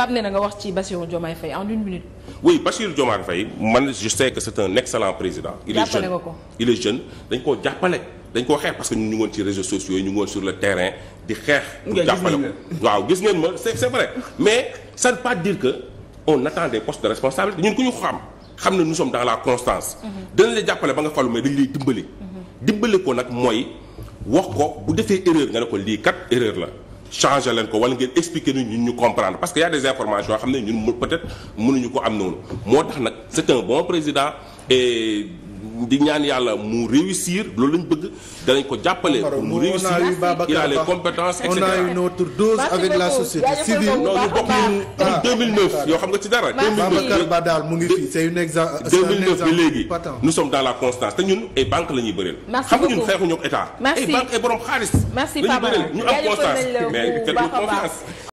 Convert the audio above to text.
Pape nee na nga wax ci Bassirou Diomaye Faye man je sais que c'est un excellent président. il est jeune dañ koo jàppale. dañ koo xeex parce que ñu ngi ci réseaux sociaux yi ñu ngi sur le terrain di xeex. pour jàppale ko waaw gis ngeen ma c'est c'est vrai mais ça ne pas dire que on attend des de responsabilité ñun ku ñu xam xam na nous sommes dans la constance. Mm-hmm. dinañ la jàppale ba nga falu mais dañ lay dimbali. Mm-hmm. dimbali ko nag mooy wax ko bu defee erreur nga ne la. changer leen ko wala ngeen expliquer ñu ñun ñu comprendre parce que y a des informations yoo xam ne ñun peut-être mënuñu ko am noonu moo tax nag c'est un bon président et di ñaan yàlla mu réussir loolu lañ bëgg danañ ko jàppale pour mu réussir il a les compétences et cetera on a une autre yoo xam nga ci dara 2009 ba daal mu ngi fii c'est une exemple bi léegi nous sommes dans la constance te ñun ay banque la ñuy bëreel xam nga ñun xeexuñu ak état ay banque ay borom xaalis la bëreel ñu am constance mais faites-nous confiance